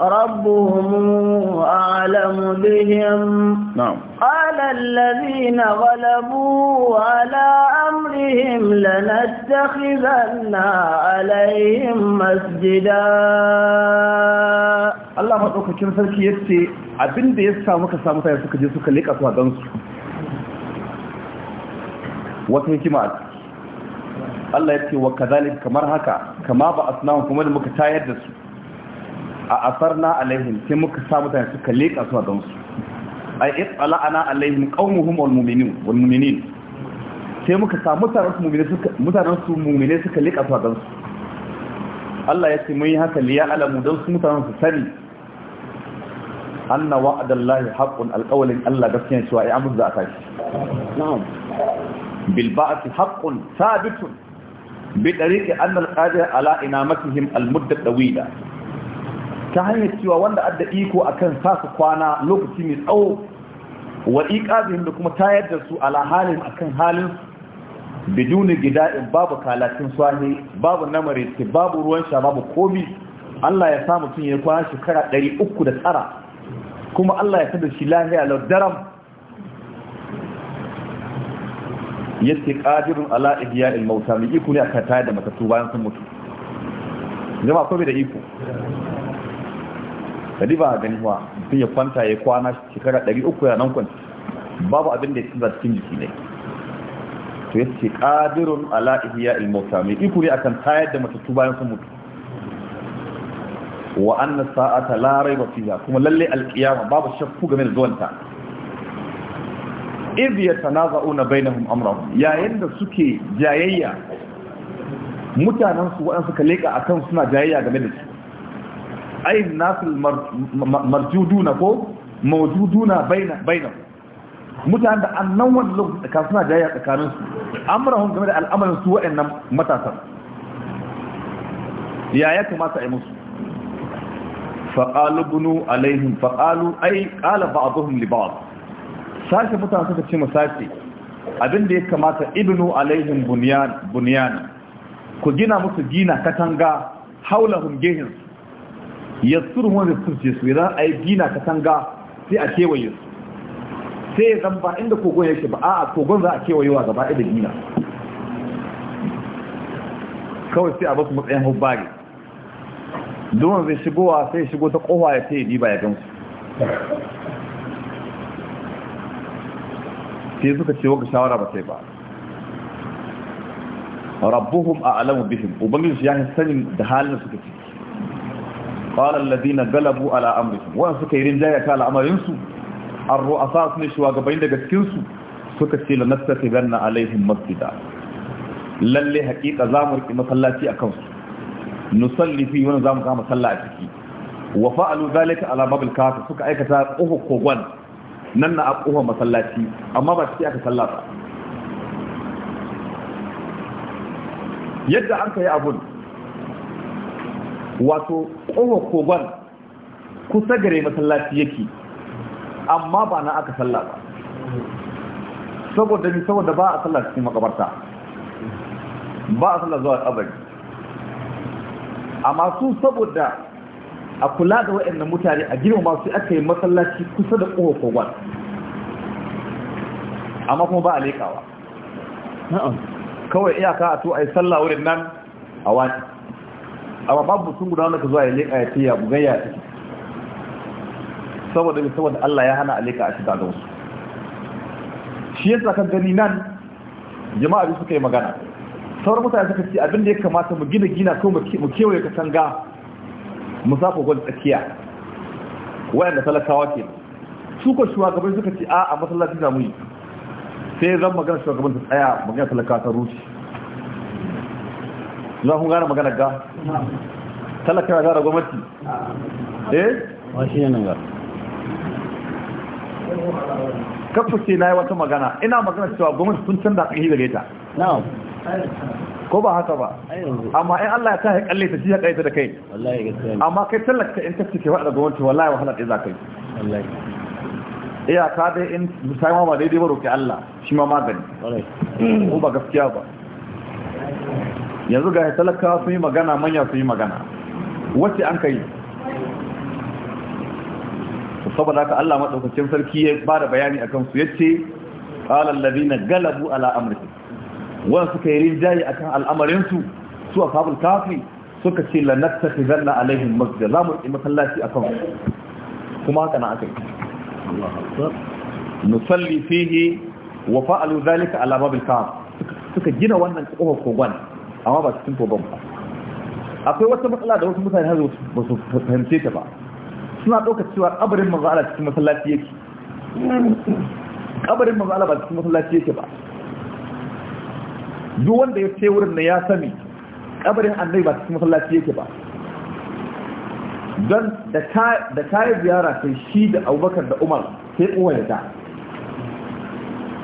Speaker 2: ربهم أعلم بهم نعم قال الذين غلبوا على أمرهم لنتخذن عليهم
Speaker 1: مسجدا Allah maɗaukakin sarki ya ce abin da ya samu ka samu ta suka je suka leƙa su a gansu wata hikima a ciki Allah ya ce wa kazalik kamar haka kama ba asnahu kuma da muka tayar da su a asarna alaihim sai muka sa mutane suka leƙa su a don su ai isala ana alaihim qaumuhum wal mu'minin wal mu'minin sai muka sa mutanen su mu'mine suka mutanen su mu'mine suka leƙa su a don su Allah ya ce mun yi haka liya alamu don su mutanen su sani anna wa'adallahi haqqun alqawlin Allah gaskiya cewa ai amur za a tashi na'am بالبعث حق ثابت بطريق أن القادر على إنامتهم المدة طويلة تهني سوى وانا أدى إيكو أكن ساسو قوانا لوكتي من أو وإيقاظهم لكم تايدرسوا على حالهم أكن حالهم بدون جداء باب كالاتين سواهي باب نمري باب روانشا باب قومي Allah ya samu tun ya kwana shekara 309 kuma Allah ya sada shi lahiya lau daram yake qadirun ala al mauta mai iko ne aka tayar da matattu bayan sun mutu jama'a ko da iko kadi ba gani wa mutum ya kwanta ya kwana shekara 300 ya nan kwanta babu abin da ya tsinza cikin jiki ne to yake qadirun ala al mauta mai iko ne akan tayar da matattu bayan sun mutu wa anna sa'ata la rayba fiha kuma lalle alqiyama babu shakku game da zuwanta iz yatanaza'una bainahum amrahum yayin da suke jayayya mutanen su waɗansu ka leƙa a kan suna jayayya game da su ai nasu marjuduna ko maujuduna baina. mutanen da annan wanda lokacin tsaka suna jayayya tsakanin su amurahun game da al'amarin su waɗannan matasan ya ya kamata a yi musu faƙalu bunu alaihim faƙalu ai ƙala ba'aduhum li ba'ad sashe mutane suka ce masashi abinda ya kamata ibnu alaihim bunyan ku gina musu gina katanga haulahum gehin yasurhum da turce su idan ai gina katanga sai a kewaye su sai zan ba inda kogon yake ba a kogon za a kewaye wa gaba da gina kawai sai a basu matsayin hubbari don zai shigowa sai shigo ta kowa ya ce ba ya gamsu sai suka ce waka shawara ba sai ba rabbuhum a'lamu bihim ubangiji ya sanin da halin suka ciki qala alladhina galabu ala amrihim wa suka yi rinjaya ta al'amarin su ar-ru'asa sun shugabanni daga cikin su suka ce lanastakhidanna alaihim masjida lalle haqiqa zamu riki masallaci akan su nusalli fi wa zamu kama sallah a ciki wa fa'alu dhalika ala babil kafa suka aikata ƙofa kogon nan na a masallaci amma ba ciki aka sallah ba yadda an ka yi abun wato kowa kogon kusa gare masallaci yake amma ba na aka sallah ba saboda ni saboda ba a sallah cikin makabarta ba a sallah zuwa tsabari amma su saboda a kula da waɗannan mutane a girma masu aka yi masallaci kusa da ko kogon amma kuma ba a leƙawa kawai iyaka a to a yi sallah wurin nan a wani amma babu sun guda wanda ka zuwa ya leka ya tiya bugan ya ciki saboda mai saboda Allah ya hana a leƙa a shiga ga wasu shi yasa kan gani nan jama'a bi suka yi magana sauran mutane suka ce abin da ya kamata mu gina gina ko mu kewaye katanga musafa gwal tsakiya wayanda talakawa ke su ko shugaban suka ce a a masallaci zamu yi sai zan magana shugaban ta tsaya magana talakawa ta rushe za ku gane magana ga talakawa gara gwamnati eh washi ne nan ga kafin sai na yi wata magana ina magana cewa gwamnati sun canza kai da ta na'am ko ba haka ba amma in Allah ya tahi kalle ta shi ya kaita da kai amma kai tallaka in kace ke wada gwamnati wallahi wahala da za wallahi iya ka dai in sai ma ba daidai ba roki Allah shi ma magani ko ba gaskiya ba yanzu ga tallaka sun yi magana manya sun yi magana wacce an kai saboda haka Allah madaukakin sarki ya bada bayani akan su yace qala alladhina galabu ala amrihim wanda suka yi rinjaye kan al'amarinsu su a fabul kafi suka ce zanna a laifin masjid za mu yi masallaci akan kuma haka na yi nusalli fihi wa fa'alu zalika a babil kaf suka gina wannan kofar kogon amma ba cikin kogon ba akwai wata matsala da wasu mutane har ba su fahimce ta ba suna ɗaukar cewa ƙabarin manzo Allah cikin masallaci yake ƙabarin manzo Allah ba cikin masallaci yake ba duk wanda ya ce wurin da ya sami kabarin annabi ba cikin masallaci yake ba don da yi ziyara sai shi da abubakar da umar sai kowa ya da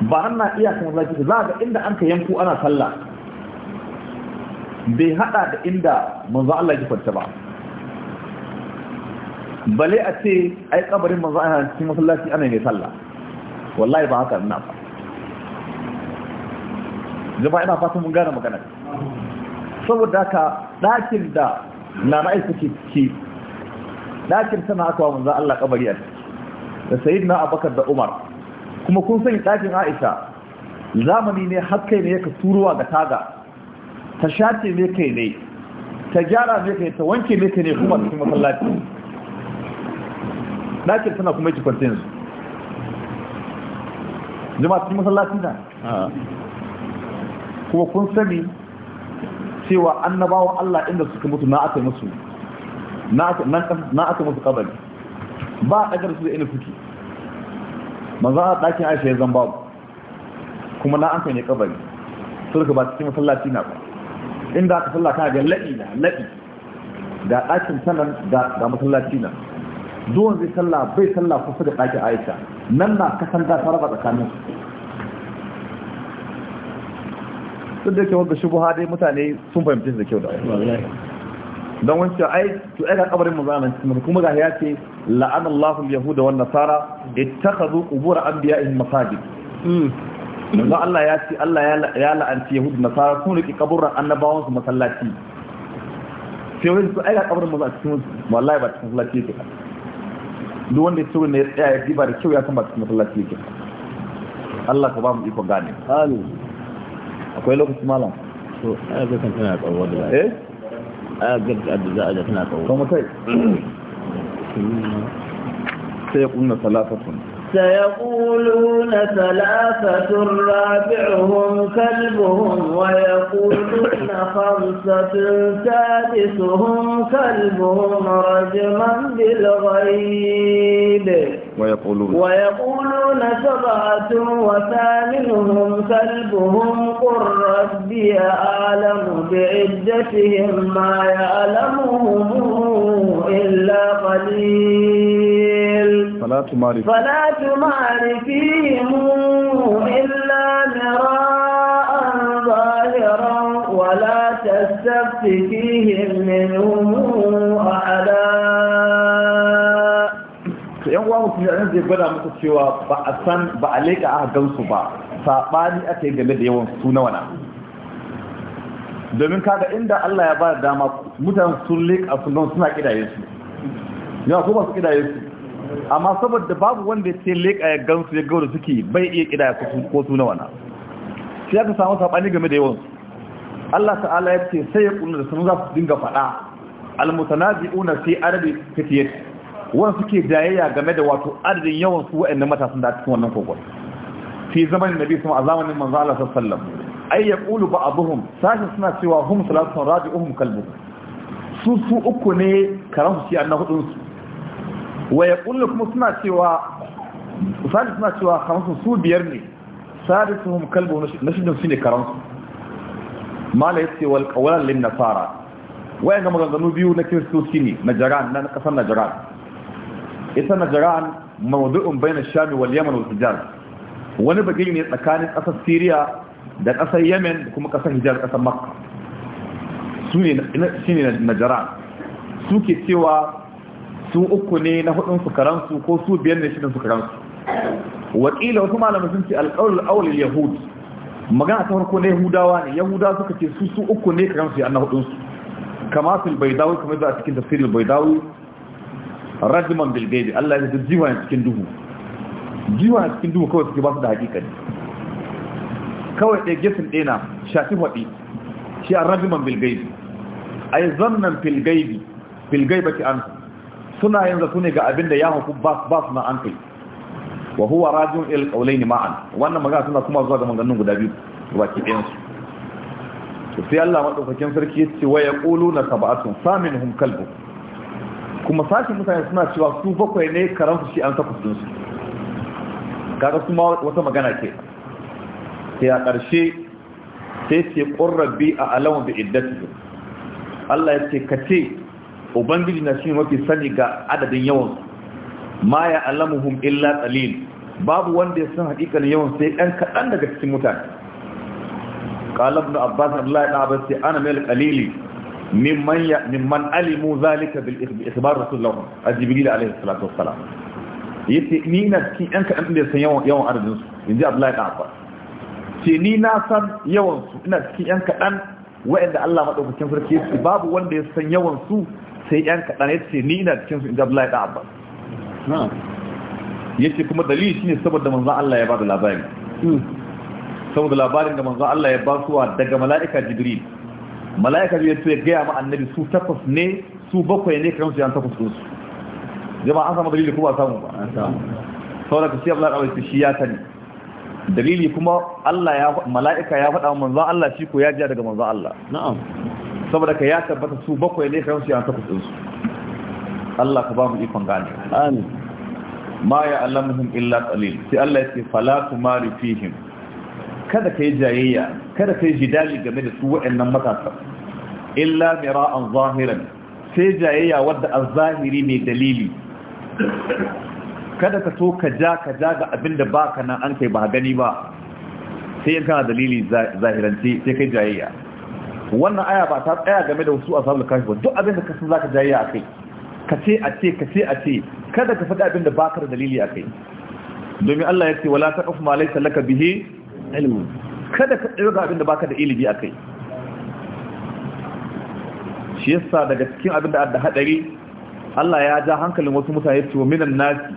Speaker 1: ba an na iya kan zafi za ga inda an ka yanku ana sallah bai hada da inda manzo Allah ya kwanta ba bale a ce ai kabarin manzo Allah cikin masallaci ana ne sallah wallahi ba haka ina ba jama'a ina fatan mun gane magana saboda haka ɗakin da na ra'ayi suke ciki ɗakin tana aka wa manzo Allah kabari a da sayyidina Abubakar da Umar kuma kun sani ɗakin Aisha zamani ne har kai ne yake turuwa ga taga ta shace ne kai ne ta gyara ne kai ta wanke ne kai ne kuma cikin masallaci ɗakin tana kuma yake kwantin yanzu jama'a cikin masallaci na kuma kun sani cewa annabawa Allah inda suka mutu na aka musu na aka musu kabari ba a ɗagar su da ina suke manzan a ɗakin aisha ya zamba kuma na an kan yi kabari sulka ba cikin masallaci na ba inda aka sallah ga la'i na la'i ga ɗakin sanan ga masallaci na zuwan zai salla bai salla kusa da ɗakin aisha nan na kasan da ta raba tsakanin su sun da ke da shi buha dai mutane sun fahimci da kyau da don wancan ai to ai ga kabarin mazanan cikin kuma ga ya ce la'an yahuda nasara ittakhadhu qubur anbiya'ihim masajid don hmm. Allah ya ce Allah ya la'anci nasara sun riki da annabawan su masallaci sai wani su ai ga kabarin mazanan cikin wallahi ba cikin masallaci yake duk wanda ya ce ne ya tsaya ya diba da kyau ya san ba cikin masallaci yake Allah ka ba mu iko gane amin akwai lokacin malam so aya ga kan tana tsawo da eh aya ga da za a ga tana tsawo kuma kai sai ya kunna salafatun
Speaker 2: سيقولون ثلاثة رابعهم كلبهم ويقولون خمسة سادسهم كلبهم رجما بالغيب ويقولون ويقولون سبعة وثامنهم كلبهم قل ربي أعلم بعدتهم ما يعلمهم
Speaker 1: إلا قليل فلا تمار فلا
Speaker 2: تمار فيهم إلا مراء ظاهرا ولا تستفت فيهم منهم أحدا
Speaker 1: shi nan zai gwada musu cewa ba a san ba a leƙa aka gansu ba saɓani aka yi game da yawan su na wana domin kaga inda Allah ya ba da dama mutan sun leƙa don suna ƙidaye su yawa ko masu su su amma saboda babu wanda ya ce leƙa ya gansu ya gauda suke bai iya kidaye ko su na wana sai aka samu saɓani game da yawan Allah ta'ala ya ce sai ya ƙunar da sun za su dinga faɗa al-mutanazi'una fi arabi fitiyati Wani suke jayayya game da wato adadin yawan su wa'annan matasan da cikin wannan kogon fi zaman nabi kuma a zamanin manzo Allah sallallahu alaihi wasallam ay yaqulu ba'dhum sashi suna cewa hum salatun raji'uhum kalbu su su uku ne karansu shi annan hudun su wa yaqulu kuma suna cewa sashi suna cewa kamsu su biyar ne sadisuhum kalbu na shidin su ne karansu mala yace wal qawlan lin nasara wa'annan maganganu biyu na kiristoci ne na na kasar najaran ita najran mawdu'un bayna sham wal yaman wal hijaz wani bagi ne tsakanin ƙasar syria da ƙasar yemen da kuma ƙasar hijaz ƙasar makka su ne shine najran su ke cewa su uku ne na hudun su ko su biyar ne shidan su karansu wakila wasu malamin sun ce alƙawar awal yahud magana ta farko na yahudawa ne yahudawa suka ce su su uku ne karansu ya na hudun su kama fil baidawi kuma za a cikin tafsirin baidawi rajman bil gaibi Allah ya duk jiwa cikin duhu jiwa cikin duhu kawai suke ba su da hakikani kawai ɗaya gesin ɗaya na shafi waɗi shi a bil gaibi a yi zannan filgaibi filgaiba ki an suna yin zato ne ga abin da ya hukun ba su na an kai wa huwa rajin il kaulai ni ma'an wannan magana suna kuma zuwa ga maganganun guda biyu ba ki su to sai Allah maɗaukakin sarki ya ce wa ya ƙulu na saba'atun samin kalbu kuma sashen mutane suna cewa su bakwai ne karansu shi an takwas dinsu kaga su ma wata magana ke sai a ƙarshe sai ce ƙorrabi a alama da iddatu Allah ya ce ka ce ubangiji na shi mafi sani ga adadin yawan ma ya alamuhum illa qalil babu wanda ya san hakikalin yawan sai ɗan kaɗan daga cikin mutane qala ibn abbas Allah ya ɗaba sai ana mai alƙalili. mimman ya mimman alimu zalika bil ikhbar rasulullah jibril alaihi salatu wassalam yace ni na cikin yan kadan da san yawan yawan arzikin su inji abdullahi da abba ce ni na san yawan su ina cikin yan kaɗan wa'anda Allah madaukakin sarki yace babu wanda ya san yawan su sai yan kadan yace ni ina cikin su inji abdullahi da abba na'am yace kuma dalili shine saboda manzo Allah ya ba da labari hmm. saboda labarin da manzo Allah ya ba suwa daga mala'ika jibril mala'ika biyu ya gaya ma annabi su takwas ne su bakwai ne kamar su yan takwas su jama'a an samu dalili kuma samu ba saboda ka siya Allah ya shi ya sani dalili kuma Allah ya mala'ika ya faɗa manzo Allah shi ko ya ji daga manzo Allah na'am saboda ka ya tabbata su bakwai ne kamar su yan takwas su Allah ka ba mu ikon gane amin ma ya illa qalil sai Allah ya ce fala tumari fihim kada ka yi jayayya kada ka yi jidali game da su waɗannan matasa illa mira'an zahiran sai jayayya wadda a zahiri mai dalili kada ka so ka ja ka ja ga abin da ba ka nan an kai ba gani ba sai yin kana dalili zahirance sai kai jayayya wannan aya ba ta tsaya game da wasu a samun kashi ba duk abin da ka san ka jayayya a kai ka ce a ce ka ce a ce kada ka faɗi abin da ba ka da dalili a kai domin Allah ya ce wala taqfu ma laysa laka bihi kada ka ɗaya ga abin da baka da ilimi a kai shi yasa daga cikin abin da adda hadari Allah ya ja hankalin wasu mutane cewa minan nasi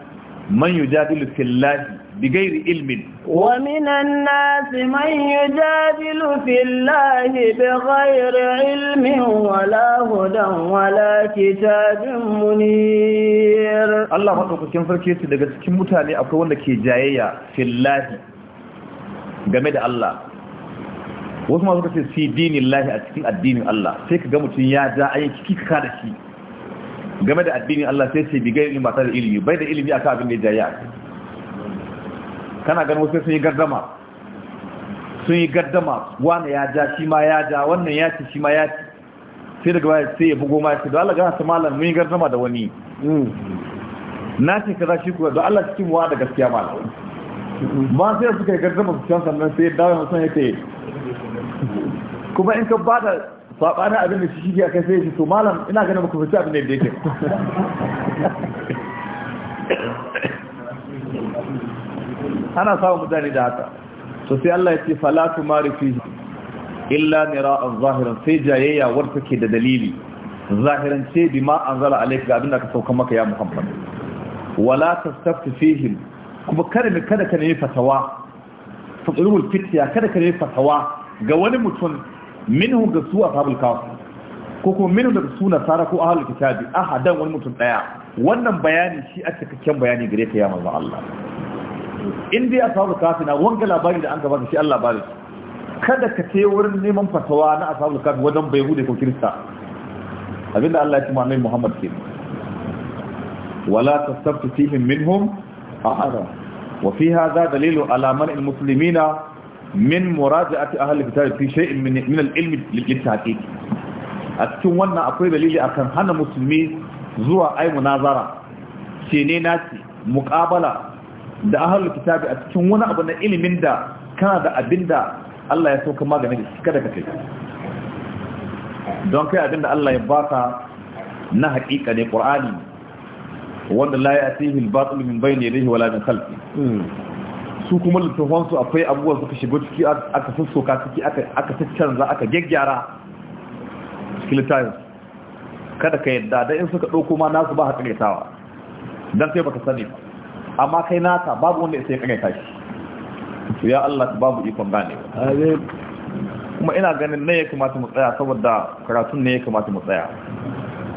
Speaker 1: man yujadilu fillahi بغير علم
Speaker 2: ومن nasi من يجادل في الله بغير ilmin wala hudan wala kitabin munir
Speaker 1: Allah madaukakin sarki yace daga cikin mutane akwai wanda ke jayayya fillahi game da Allah wasu masu kace si dini lahi a cikin addinin Allah sai ka ga mutum ya ja ayin kiki ka da shi game da addinin Allah sai sai bigai ilimi ba da ilimi bai da ilimi akan abin da ya jaya kana ganin wasu sun yi gardama sun yi gardama wani ya ja shi ma ya ja wannan ya ci shi ma ya ci sai daga baya sai ya bugo ma ya ci, don Allah gana su malam mun yi gardama da wani mm. na ce ka za shi kuwa don Allah cikin wa da gaskiya malam ba sai suka yi garzama su can sannan sai dawo mutum ya kai kuma in ka bada sabanin abin da shi a kai sai shi to malam ina ganin baka fita abin da ya yake ana samun mutane da haka to sai Allah ya ce fala tumari fihi illa mira'an zahiran sai jayayya war ke da dalili zahiran ce bima anzala alayka abin da ka sauka maka ya muhammad wala tastafti fihim kuma kada mai kada ka nemi fatawa fatsirul fitiya kada ka nemi fatawa ga wani mutum minhu ga su a ashabul kaf ko kuma minhu daga su nasara ko ahlul kitabi ahadan wani mutum daya wannan bayani shi a cikakken bayani gare ka ya manzo Allah in dai ashabul kaf na wanga labari da an gaba shi Allah bari kada ka ce wurin neman fatawa na a ashabul kaf wajen bai hude ko kirista abinda Allah ya ce ma Muhammad ke wala tastabtu fihim minhum وفي هذا دليل على منع المسلمين من مراجعة أهل الكتاب في شيء من, من العلم للتحقيق أتكون وانا أقول دليل أكام هنا مسلمين زوا أي مناظرة شينيناتي مقابلة da ahalul kitabi a cikin wani abu na ilimin da kana da abin da Allah ya sauka maganin shi kada ka kai don kai abinda Allah ya baka na haƙiƙa ne ƙur'ani wanda la ya'tihi al-batil min bayni yadihi wala min khalfi hmm. su kuma littafan su akwai abubuwan suka shigo ciki aka sassoka ciki aka aka za aka gyaggyara cikin littafin kada ka yadda da in suka dauko ma nasu ba ha kagaitawa dan sai baka sani ba amma kai naka babu wanda sai ka kagaita shi ya Allah babu ikon gane kuma ina ganin ne ya kamata mu tsaya saboda karatun ne ya kamata mu tsaya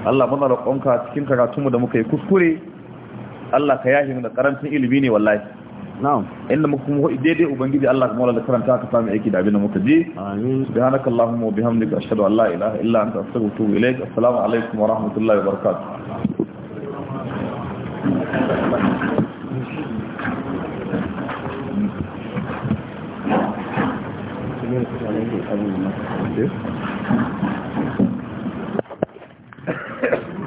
Speaker 1: Allah muna roƙonka cikin karatunmu da muka yi kuskure Allah ka yahi mu da karancin ilimi ne wallahi na'am inda muka kuma daidai ubangiji Allah ka mola da karanta ka sami aiki da abin da muka ji amin subhanakallahumma wa bihamdika ashhadu an la ilaha illa anta astaghfiruka wa atubu ilaik assalamu alaikum wa rahmatullahi wa barakatuh
Speaker 3: Thank you.